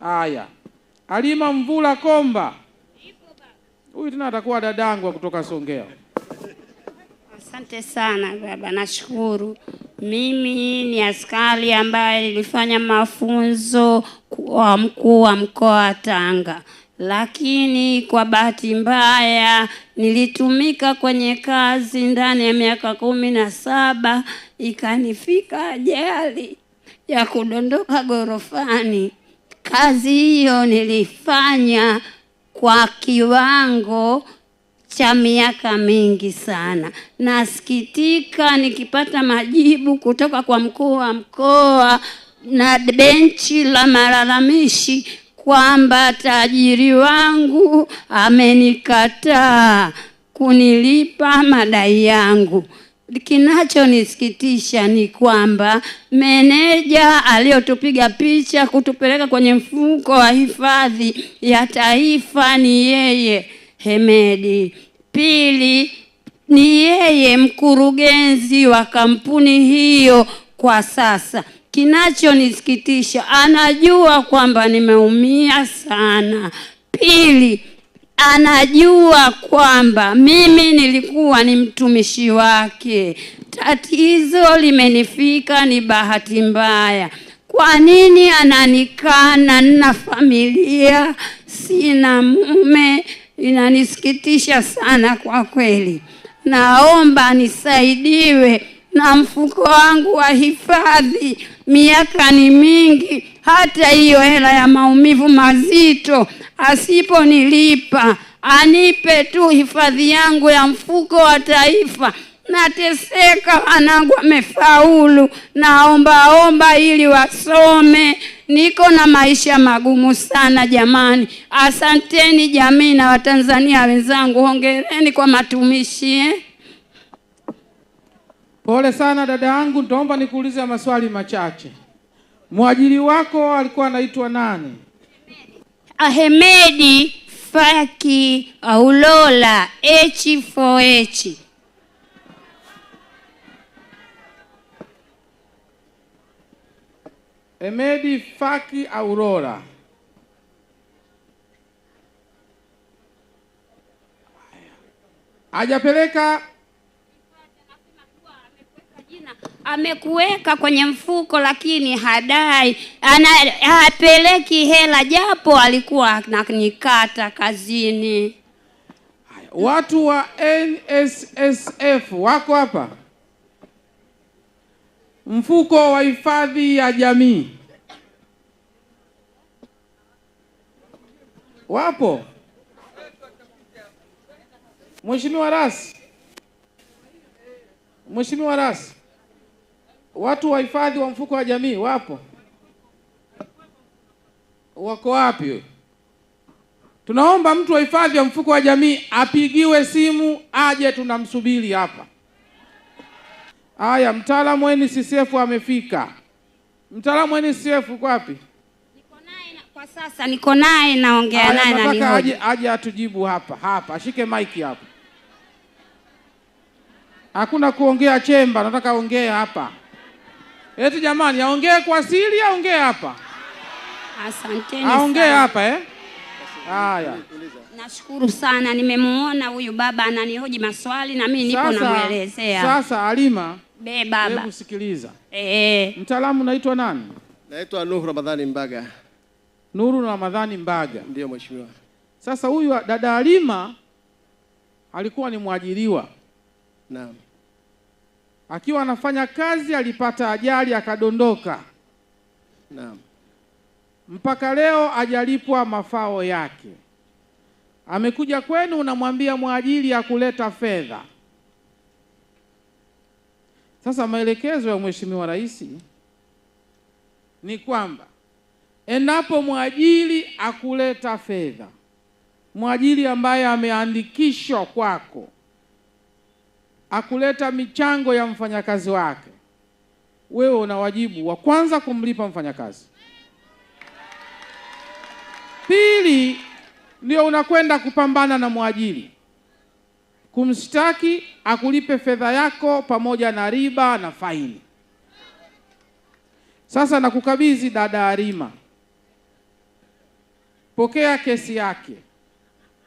Haya, alima Mvula Komba, huyu tena atakuwa dadangu kutoka Songea. Asante sana baba, nashukuru. Mimi ni askari ambaye nilifanya mafunzo kwa mkuu wa mkoa wa Tanga, lakini kwa bahati mbaya nilitumika kwenye kazi ndani ya miaka kumi na saba ikanifika ajali ya kudondoka gorofani Kazi hiyo nilifanya kwa kiwango cha miaka mingi sana. Nasikitika nikipata majibu kutoka kwa mkuu wa mkoa na benchi la malalamishi kwamba tajiri wangu amenikataa kunilipa madai yangu. Kinachonisikitisha ni kwamba meneja aliyotupiga picha kutupeleka kwenye mfuko wa hifadhi ya taifa ni yeye Hemedi. Pili, ni yeye mkurugenzi wa kampuni hiyo kwa sasa. Kinachonisikitisha, anajua kwamba nimeumia sana. Pili, anajua kwamba mimi nilikuwa ni mtumishi wake. Tatizo limenifika ni bahati mbaya. Kwa nini ananikana? Nina familia, sina mume. Inanisikitisha sana kwa kweli. Naomba nisaidiwe na mfuko wangu wa hifadhi, miaka ni mingi hata hiyo hela ya maumivu mazito, asiponilipa anipe tu hifadhi yangu ya mfuko wa Taifa. Nateseka, wanangu wamefaulu, naombaomba ili wasome. Niko na maisha magumu sana jamani. Asanteni jamii na Watanzania wenzangu, hongereni kwa matumishi eh. Pole sana dada yangu, nitaomba nikuulize maswali machache. Mwajiri wako alikuwa anaitwa nani? Ahemedi Faki Aulola H4H. emedi Faki Aurora. Hajapeleka amekuweka kwenye mfuko lakini hadai ana, hapeleki hela japo alikuwa ananikata kazini. Watu wa NSSF wako hapa, mfuko wa hifadhi ya jamii wapo. Mheshimiwa Rasi, Mheshimiwa rasi watu wa hifadhi wa mfuko wa jamii wapo, wako wapi? Tunaomba mtu wa hifadhi wa mfuko wa jamii apigiwe simu aje, tunamsubiri hapa. Haya, mtaalamu wa NCCF amefika. Mtaalamu wa NCCF uko wapi? Kwa sasa niko naye naongea naye na nini. Aje, aje atujibu hapa hapa, ashike maiki hapa. Hakuna kuongea chemba, nataka ongea hapa. Eti jamani, aongee kwa siri, aongee hapa, asanteni, sana. aongee hapa eh? Haya, nashukuru sana, nimemuona huyu baba ananihoji maswali na mimi nipo namuelezea. Sasa Alima, be baba, hebu sikiliza. Eh, eh. mtaalamu naitwa nani? Naitwa Nuru Ramadhani Mbaga. Nuru Ramadhani Mbaga, Ndio mheshimiwa. Sasa huyu dada Alima alikuwa ni mwajiriwa. Naam akiwa anafanya kazi alipata ajali akadondoka. Naam. Mpaka leo ajalipwa mafao yake. Amekuja kwenu, unamwambia mwajili ya kuleta fedha. Sasa maelekezo ya Mheshimiwa Rais ni kwamba endapo mwajili akuleta fedha, mwajili ambaye ameandikishwa kwako akuleta michango ya mfanyakazi wake, wewe una wajibu wa kwanza kumlipa mfanyakazi, pili ndio unakwenda kupambana na mwajiri kumshtaki akulipe fedha yako pamoja na riba na faini. Sasa nakukabidhi dada Arima, pokea kesi yake,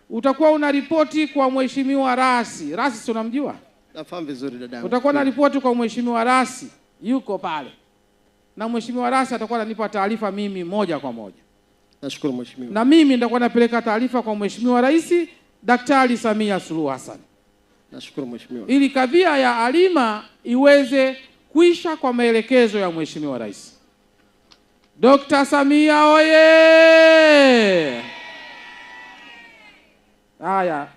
utakuwa una ripoti kwa mheshimiwa Rasi. Rasi unamjua? Nafahamu vizuri Utakuwa na ripoti kwa mheshimiwa rasi, yuko pale na mheshimiwa rasi atakuwa ananipa taarifa mimi moja kwa moja. Nashukuru mheshimiwa, na mimi nitakuwa napeleka taarifa kwa mheshimiwa rais Daktari Samia Suluhu Hassan. Nashukuru mheshimiwa, ili kadhia ya Halima iweze kuisha kwa maelekezo ya mheshimiwa rais dokta Samia oye! Haya.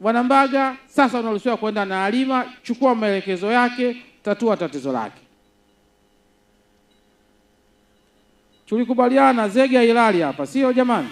Wanambaga sasa unaruhusiwa kwenda na alima, chukua maelekezo yake, tatua tatizo lake. Tulikubaliana zege ya Ilali hapa, sio jamani?